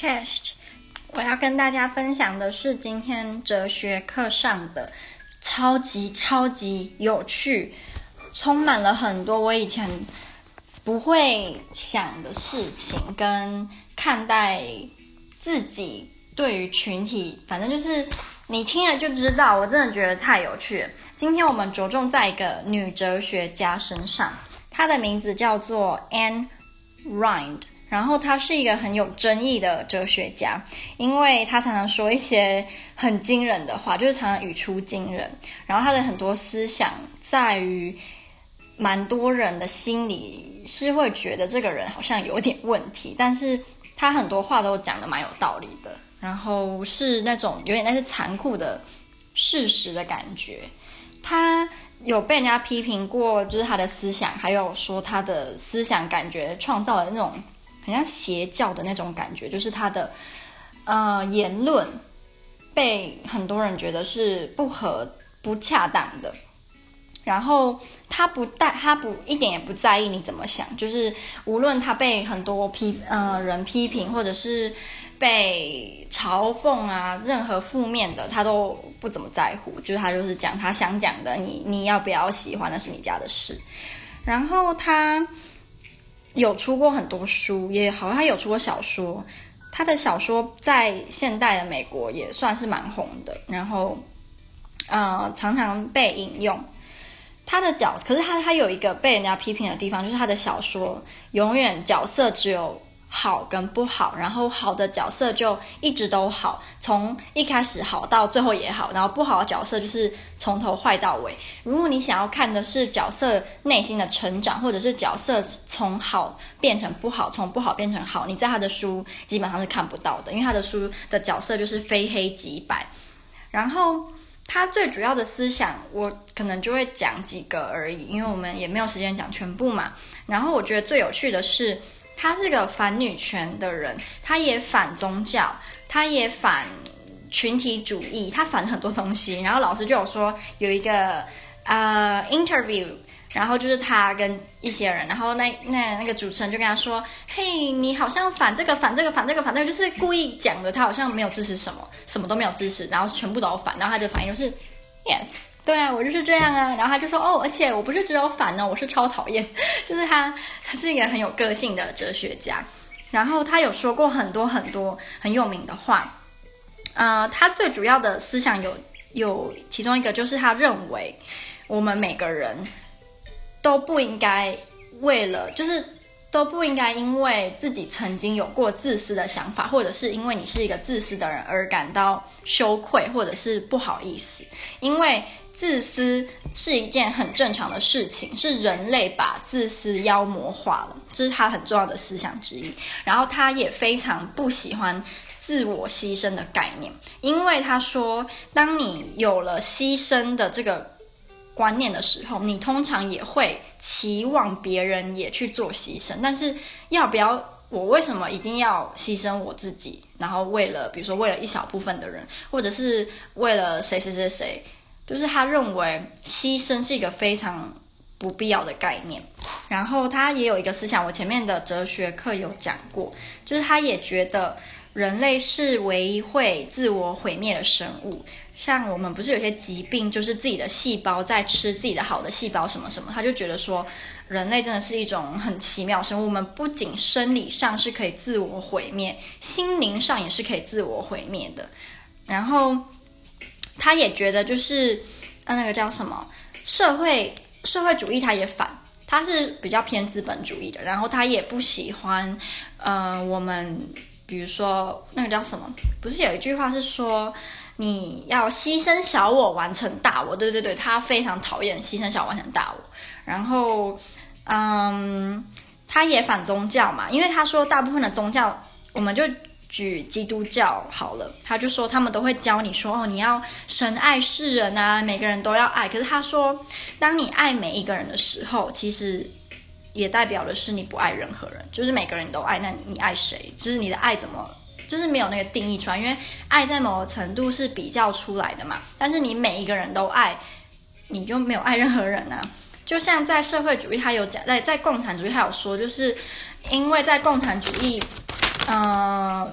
Chest，我要跟大家分享的是今天哲學課上的超級超級有趣，充滿了很多我以前不會想的事情，跟看待自己對於群體，反正就是你聽了就知道，我真的覺得太有趣了。今天我們着重在一個女哲學家身上，她的名字叫做 Ayn Rand。然後他是一個很有爭議的哲學家，因為他常常說一些很驚人的話，就是常常語出驚人。然後他的很多思想，在於蠻多人的心裡是會覺得這個人好像有點問題，但是他很多話都講得蠻有道理的。然後是那種有點那是殘酷的事實的感覺。他有被人家批評過，就是他的思想，還有說他的思想感覺創造了那種。很像邪教的那種感覺，就是他的呃言論被很多人覺得是不合不恰當的。然後他不帶，他不一點也不在意你怎麼想，就是無論他被很多批呃人批評，或者是被嘲諷啊，任何負面的他都不怎麼在乎。就是他就是講他想講的，你你要不要喜歡那是你家的事。然後他。有出過很多書也好像，他有出過小說，他的小說在現代的美國也算是蠻紅的，然後，呃，常常被引用。他的角，可是他他有一個被人家批評的地方，就是他的小說永遠角色只有。好跟不好，然後好的角色就一直都好，從一開始好到最後也好，然後不好的角色就是從頭壞到尾。如果你想要看的是角色內心的成長，或者是角色從好變成不好，從不好變成好，你在他的書基本上是看不到的，因為他的書的角色就是非黑即白。然後他最主要的思想，我可能就會講幾個而已，因為我們也沒有時間講全部嘛。然後我覺得最有趣的是，他是個反女權的人，他也反宗教，他也反群體主義，他反很多東西。然後老師就有說有一個呃、uh, interview，然後就是他跟一些人，然後那那那個主持人就跟他說，嘿、hey，你好像反這個反這個反這個反那、這個，就是故意講的，他好像沒有支持什麼，什麼都沒有支持，然後全部都反。然後他的反應就是 yes。對啊，我就是這樣啊。然後他就說：“哦，而且我不是只有煩呢、哦，我是超討厭。”就是他，他是一個很有個性的哲學家。然後他有說過很多很多很有名的話。呃，他最主要的思想有有其中一個就是他認為我們每個人都不應該為了，就是都不應該因為自己曾經有過自私的想法，或者是因為你是一個自私的人而感到羞愧或者是不好意思，因為。自私是一件很正常的事情，是人類把自私妖魔化了，這是他很重要的思想之一。然後他也非常不喜歡自我犧牲的概念，因為他說，當你有了犧牲的這個觀念的時候，你通常也會期望別人也去做犧牲。但是要不要？我為什麼一定要犧牲我自己？然後為了比如說，為了一小部分的人，或者是為了誰誰誰誰？就是他認為犧牲是一個非常不必要的概念，然後他也有一個思想，我前面的哲學課有講過，就是他也覺得人類是唯一會自我毀滅的生物。像我們不是有些疾病，就是自己的細胞在吃自己的好的細胞什麼什麼，他就覺得說人類真的是一種很奇妙生物，我們不僅生理上是可以自我毀滅，心靈上也是可以自我毀滅的，然後。他也覺得就是，呃、啊，那個叫什麼，社會社會主義他也反，他是比較偏資本主義的，然後他也不喜歡，嗯、呃，我們比如說那個叫什麼，不是有一句話是說你要犧牲小我完成大我，對對對，他非常討厭犧牲小我完成大我，然後，嗯，他也反宗教嘛，因為他說大部分的宗教，我們就。去基督教好了，他就說他們都會教你說哦，你要神愛世人啊，每個人都要愛。可是他說，當你愛每一個人的時候，其實也代表的是你不愛任何人，就是每個人都愛，那你愛誰？就是你的愛怎麼，就是沒有那個定義出來，因為愛在某個程度是比較出來的嘛。但是你每一個人都愛，你就沒有愛任何人啊。就像在社會主義，他有講，在在共產主義，他有說，就是因為在共產主義，嗯、呃。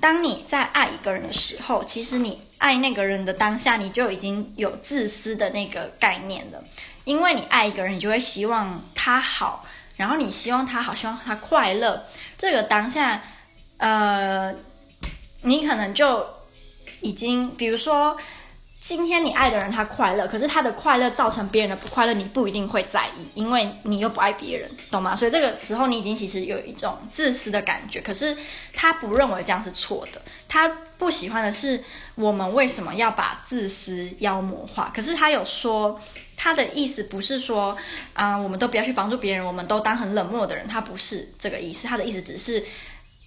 當你在愛一個人的時候，其實你愛那個人的當下，你就已經有自私的那個概念了。因為你愛一個人，你就會希望他好，然後你希望他好，希望他快樂。這個當下，呃，你可能就已經，比如說，今天你愛的人他快樂，可是他的快樂造成別人的不快樂，你不一定會在意，因為你又不愛別人，懂嗎？所以這個時候你已經其實有一種自私的感覺。可是他不認為這樣是錯的，他不喜歡的是我們為什麼要把自私妖魔化。可是他有說，他的意思不是說啊、呃，我們都不要去幫助別人，我們都當很冷漠的人，他不是這個意思，他的意思只是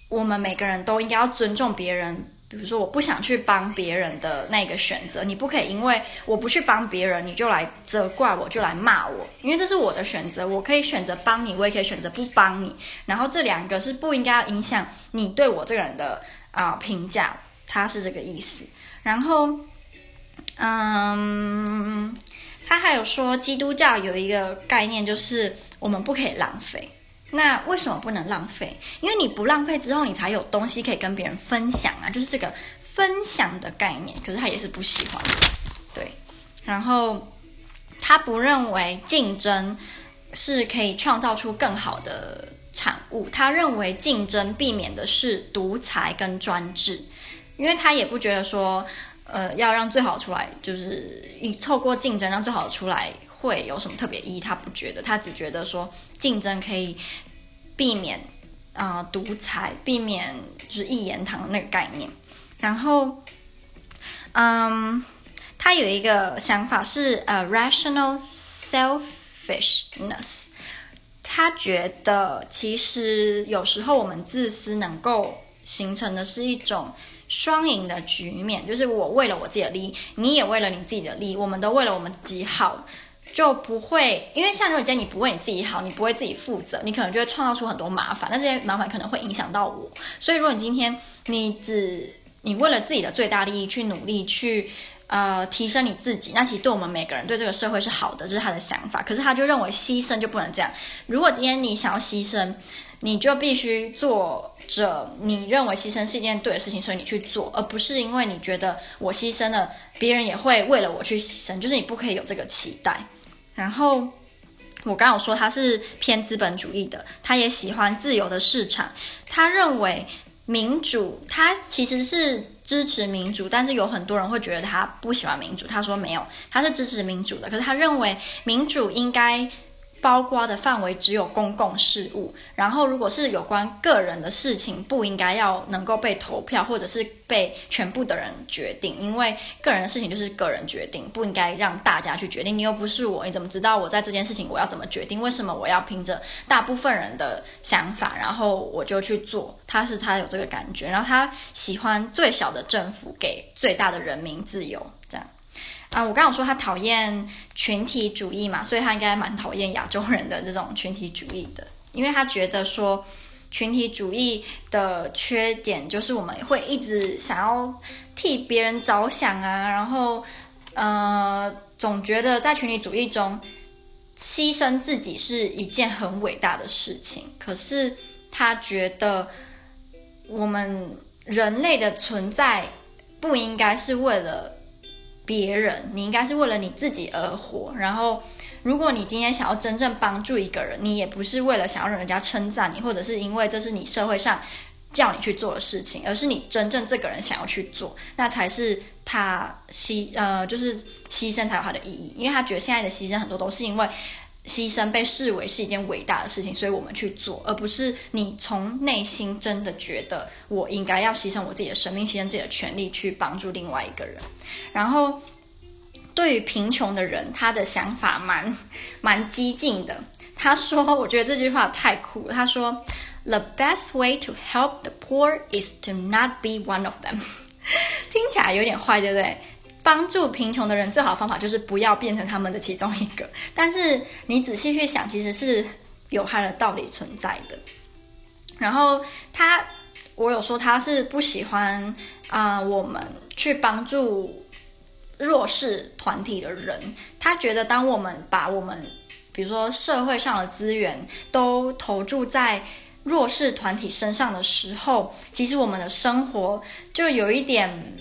我們每個人都應該要尊重別人。比如說，我不想去幫別人的那個選擇，你不可以因為我不去幫別人，你就來責怪我，就來罵我，因為這是我的選擇，我可以選擇幫你，我也可以選擇不幫你，然後這兩個是不應該影響你對我這個人的啊、呃、評價，他是這個意思。然後，嗯，他還有說，基督教有一個概念，就是我們不可以浪費。那為什麼不能浪費？因為你不浪費之後，你才有東西可以跟別人分享啊！就是這個分享的概念。可是他也是不喜歡的，對。然後他不認為競爭是可以創造出更好的產物，他認為競爭避免的是獨裁跟專制，因為他也不覺得說，呃，要讓最好的出來，就是你透過競爭讓最好的出來會有什麼特別意義？他不覺得，他只覺得說競爭可以。避免啊獨裁，避免就是一言堂的那個概念。然後，嗯，他有一個想法是呃，rational selfishness。他覺得其實有時候我們自私能夠形成的是一種雙贏的局面，就是我為了我自己的利益，你也為了你自己的利益，我們都為了我們自己好。就不會，因為像如果你今天你不為你自己好，你不為自己負責，你可能就會創造出很多麻煩。那這些麻煩可能會影響到我。所以如果你今天你只你為了自己的最大利益去努力去，去呃提升你自己，那其實對我們每個人對這個社會是好的，這是他的想法。可是他就認為犧牲就不能這樣。如果今天你想要犧牲，你就必須做着你認為犧牲是一件對的事情，所以你去做，而不是因為你覺得我犧牲了，別人也會為了我去犧牲，就是你不可以有這個期待。然後，我剛有說他是偏資本主義的，他也喜歡自由的市場。他認為民主，他其實是支持民主，但是有很多人會覺得他不喜歡民主。他說沒有，他是支持民主的，可是他認為民主應該。包括的範圍只有公共事務，然後如果是有關個人的事情，不應該要能夠被投票或者是被全部的人決定，因為個人的事情就是個人決定，不應該讓大家去決定。你又不是我，你怎麼知道我在這件事情我要怎麼決定？為什麼我要憑着大部分人的想法，然後我就去做？他是他有這個感覺，然後他喜歡最小的政府給最大的人民自由。啊，我剛剛說他討厭群體主義嘛，所以他應該蠻討厭亞洲人的這種群體主義的，因為他覺得說群體主義的缺點就是我們會一直想要替別人着想啊，然後呃總覺得在群體主義中犧牲自己是一件很偉大的事情，可是他覺得我們人類的存在不應該是為了。別人，你應該是為了你自己而活。然後，如果你今天想要真正幫助一個人，你也不是為了想要讓人家稱讚你，或者是因為這是你社會上叫你去做的事情，而是你真正這個人想要去做，那才是他犧呃，就是犧牲才有它的意義，因為他覺得現在的犧牲很多都是因為。犧牲被視為是一件偉大的事情，所以我們去做，而不是你從內心真的覺得我應該要犧牲我自己的生命，犧牲自己的權利去幫助另外一個人。然後，對於貧窮的人，他的想法蠻蠻激進的。他說：“我覺得這句話太酷了。”他說：“The best way to help the poor is to not be one of them。”聽起來有點壞，對不對？幫助貧窮的人最好的方法就是不要變成他們的其中一個。但是你仔細去想，其實是有它的道理存在的。然後他，我有說他是不喜歡啊、呃，我們去幫助弱勢團體的人。他覺得，當我們把我們，比如說社會上的資源都投注在弱勢團體身上的時候，其實我們的生活就有一點。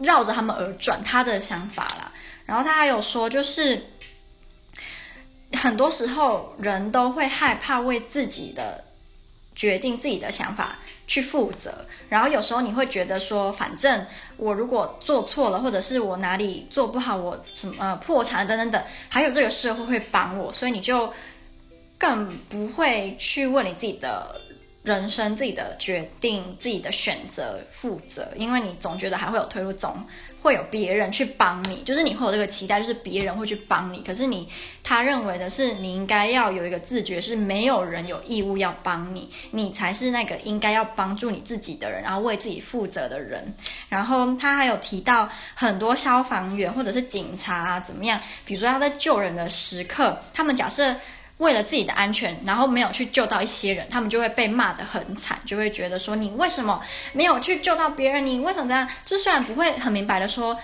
繞着他們而轉，他的想法啦。然後他還有說，就是很多時候人都會害怕為自己的決定、自己的想法去負責。然後有時候你會覺得說，反正我如果做錯了，或者是我哪裡做不好，我什麼破產等等等，還有這個社會會幫我，所以你就更不會去問你自己的。人生自己的決定、自己的選擇、負責，因為你總覺得還會有退路，總會有別人去幫你，就是你會有這個期待，就是別人會去幫你。可是你，他認為的是你應該要有一個自覺，是沒有人有義務要幫你，你才是那個應該要幫助你自己的人，然後為自己負責的人。然後他還有提到很多消防員或者是警察啊，怎麼樣，比如說他在救人的時刻，他們假設。為了自己的安全，然後沒有去救到一些人，他們就會被罵得很慘，就會覺得說你為什麼沒有去救到別人？你為什麼這樣？就雖然不會很明白的說，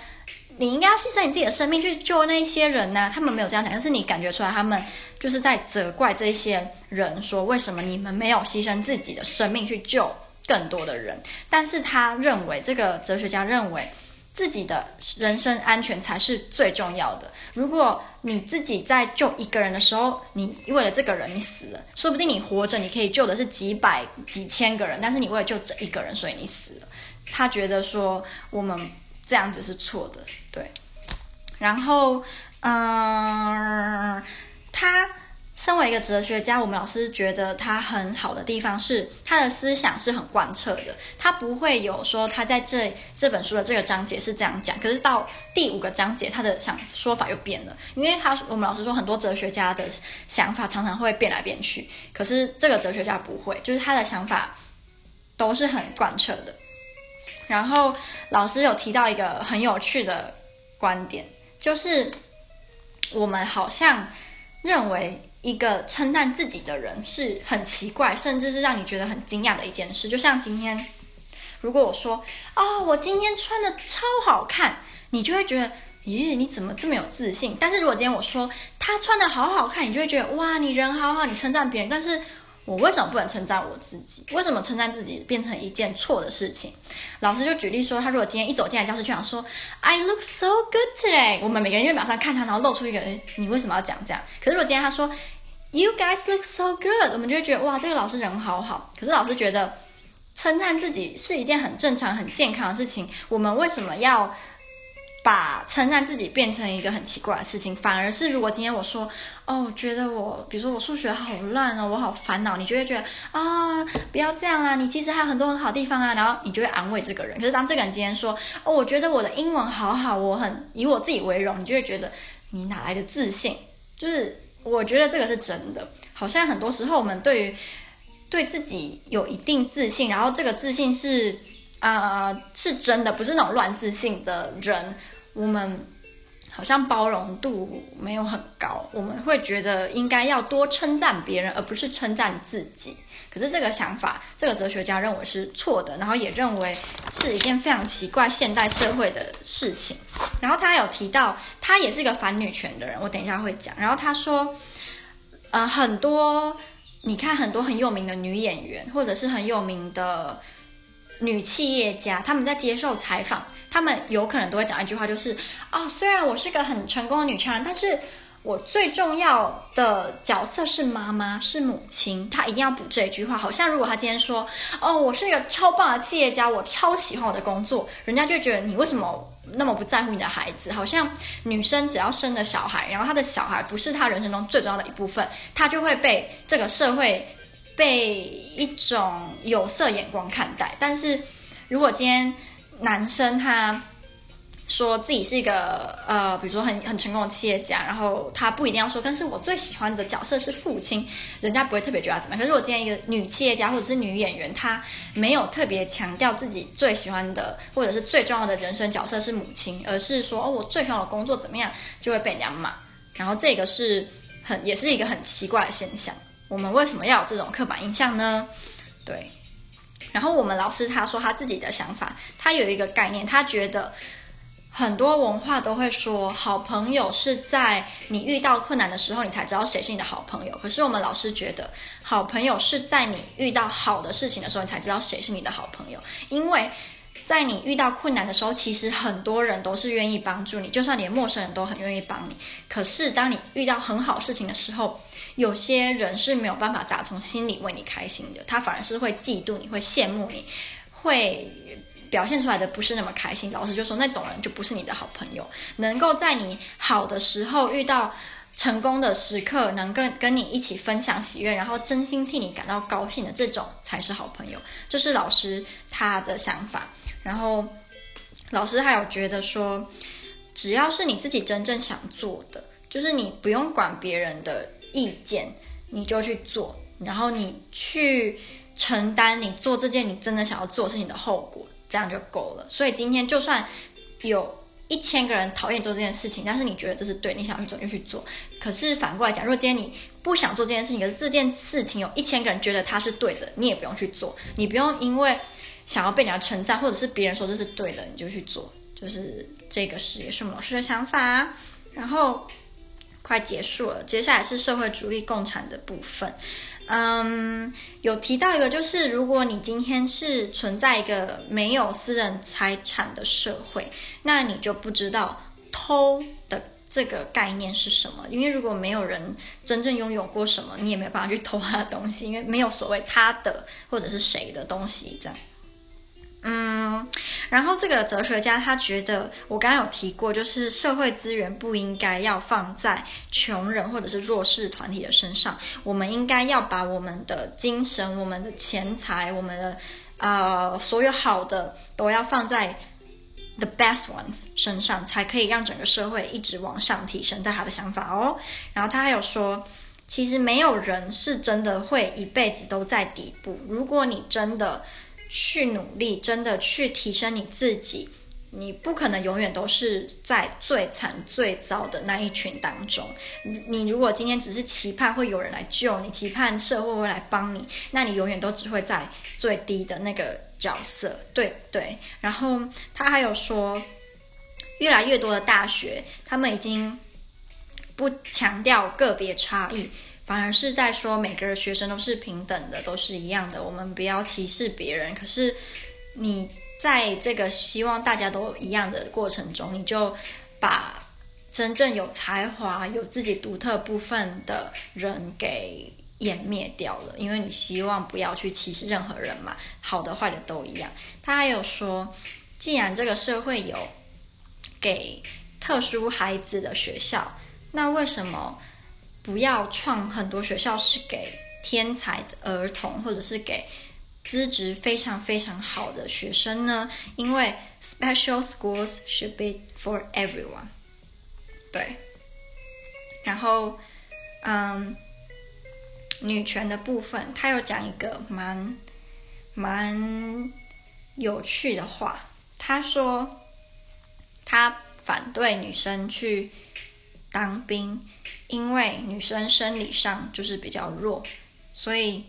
你應該要犧牲你自己的生命去救那一些人呢、啊？他們沒有這樣講，但是你感覺出來，他們就是在責怪這些人說，為什麼你們沒有犧牲自己的生命去救更多的人？但是他認為，這個哲學家認為自己的人身安全才是最重要的。如果你自己在救一個人的時候，你為了這個人你死了，說不定你活着你可以救的是幾百、幾千個人，但是你為了救這一個人，所以你死了。他覺得說我們這樣子是錯的，對。然後，嗯、呃，他。身為一個哲學家，我們老師覺得他很好的地方是，他的思想是很貫徹的。他不會有說，他在這這本書的這個章節是這樣講，可是到第五個章節，他的想說法又變了。因為他，我們老師說很多哲學家的想法常常會變來變去，可是這個哲學家不會，就是他的想法都是很貫徹的。然後老師有提到一個很有趣的觀點，就是我們好像認為。一個稱讚自己的人是很奇怪，甚至是讓你覺得很驚訝的一件事。就像今天，如果我說，哦，我今天穿的超好看，你就會覺得，咦，你怎麼這麼有自信？但是如果今天我說他穿的好好看，你就會覺得，哇，你人好好，你稱讚別人，但是。我為什麼不能稱讚我自己？為什麼稱讚自己變成一件錯的事情？老師就舉例說，他如果今天一走進來教室就想說 "I look so good today"，我們每個人就會馬上看他，然後露出一個，哎，你為什麼要講這樣？可是如果今天他說 "You guys look so good"，我們就會覺得哇，這個老師人好好。可是老師覺得稱讚自己是一件很正常、很健康的事情，我們為什麼要？把承認自己變成一個很奇怪的事情，反而是如果今天我說，哦，我覺得我，比如說我數學好爛哦，我好煩惱，你就會覺得啊、哦，不要這樣啊，你其實還有很多很好地方啊，然後你就會安慰這個人。可是當這個人今天說，哦，我覺得我的英文好好，我很以我自己為榮，你就會覺得你哪來的自信？就是我覺得這個是真的，好像很多時候我們對於對自己有一定自信，然後這個自信是。啊、呃，是真的，不是那種亂自信的人。我們好像包容度沒有很高，我們會覺得應該要多稱讚別人，而不是稱讚自己。可是這個想法，這個哲學家認為是錯的，然後也認為是一件非常奇怪現代社會的事情。然後他有提到，他也是一個反女權的人，我等一下會講。然後他說，呃，很多你看很多很有名的女演員，或者是很有名的。女企業家，她們在接受採訪，她們有可能都會講一句話，就是啊、哦，雖然我是個很成功的女強人，但是我最重要的角色是媽媽，是母親。她一定要補這一句話，好像如果她今天說哦，我是一個超棒的企業家，我超喜歡我的工作，人家就會覺得你為什麼那麼不在乎你的孩子？好像女生只要生了小孩，然後她的小孩不是她人生中最重要的一部分，她就會被這個社會。被一種有色眼光看待，但是如果今天男生他說自己是一個呃，比如說很很成功的企業家，然後他不一定要說，但是我最喜歡的角色是父親，人家不會特別覺得他怎麼樣。可是如果今天一個女企業家或者是女演員，她沒有特別強調自己最喜歡的或者是最重要的人生角色是母親，而是說哦，我最喜歡的工作怎麼樣，就會被人家罵。然後這個是很也是一個很奇怪的現象。我們為什麼要有這種刻板印象呢？對。然後我們老師他說他自己的想法，他有一個概念，他覺得很多文化都會說，好朋友是在你遇到困難的時候，你才知道誰是你的好朋友。可是我們老師覺得，好朋友是在你遇到好的事情的時候，你才知道誰是你的好朋友，因為。在你遇到困難的時候，其實很多人都是願意幫助你，就算連陌生人都很願意幫你。可是當你遇到很好事情的時候，有些人是沒有辦法打從心裡為你開心的，他反而是會嫉妒你，會羨慕你，會表現出來的不是那麼開心。老師就說那種人就不是你的好朋友，能夠在你好的時候遇到。成功的時刻能跟跟你一起分享喜悅，然後真心替你感到高興的這種才是好朋友。這，就是老師他的想法。然後老師還有覺得說，只要是你自己真正想做的，就是你不用管別人的意見，你就去做，然後你去承擔你做這件你真的想要做事情的後果，這樣就夠了。所以今天就算有。一千個人討厭做這件事情，但是你覺得這是對，你想要去做就去做。可是反過來講，如果今天你不想做這件事情，可是這件事情有一千個人覺得它是對的，你也不用去做，你不用因為想要被人家稱讚，或者是別人說這是對的，你就去做。就是這個是也是我們老師的想法啊。然後快結束了，接下來是社會主義共產的部分。嗯，um，有提到一個，就是如果你今天是存在一個沒有私人財產的社會，那你就不知道偷的這個概念是什麼。因為如果沒有人真正擁有過什麼，你也沒有辦法去偷他的東西，因為沒有所謂他的或者是誰的東西這樣。嗯，然後這個哲學家他覺得，我剛剛有提過，就是社會資源不應該要放在窮人或者是弱勢團體的身上，我們應該要把我們的精神、我們的錢財、我們的呃所有好的都要放在 the best ones 身上，才可以讓整個社會一直往上提升。在他的想法哦。然後他還有說，其實沒有人是真的會一輩子都在底部。如果你真的。去努力，真的去提升你自己，你不可能永遠都是在最慘最糟的那一群當中。你如果今天只是期盼會有人來救你，期盼社會會來幫你，那你永遠都只會在最低的那個角色。對對。然後他還有說，越來越多的大學，他們已經不強調個別差異。反而是在說每個學生都是平等的，都是一樣的，我們不要歧視別人。可是，你在這個希望大家都一樣的過程中，你就把真正有才華、有自己獨特部分的人給湮滅掉了，因為你希望不要去歧視任何人嘛，好的、壞的都一樣。他還有說，既然這個社會有給特殊孩子的學校，那為什麼，不要創很多學校是給天才的兒童，或者是給資質非常非常好的學生呢？因為 special schools should be for everyone。對。然後，嗯，女權的部分，他有講一個蠻蠻有趣的話。他說，他反對女生去。當兵，因為女生生理上就是比較弱，所以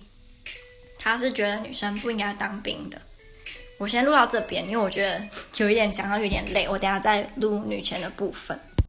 他是覺得女生不應該當兵的。我先錄到這邊，因為我覺得有一點講到有點累，我等下再錄女權的部分。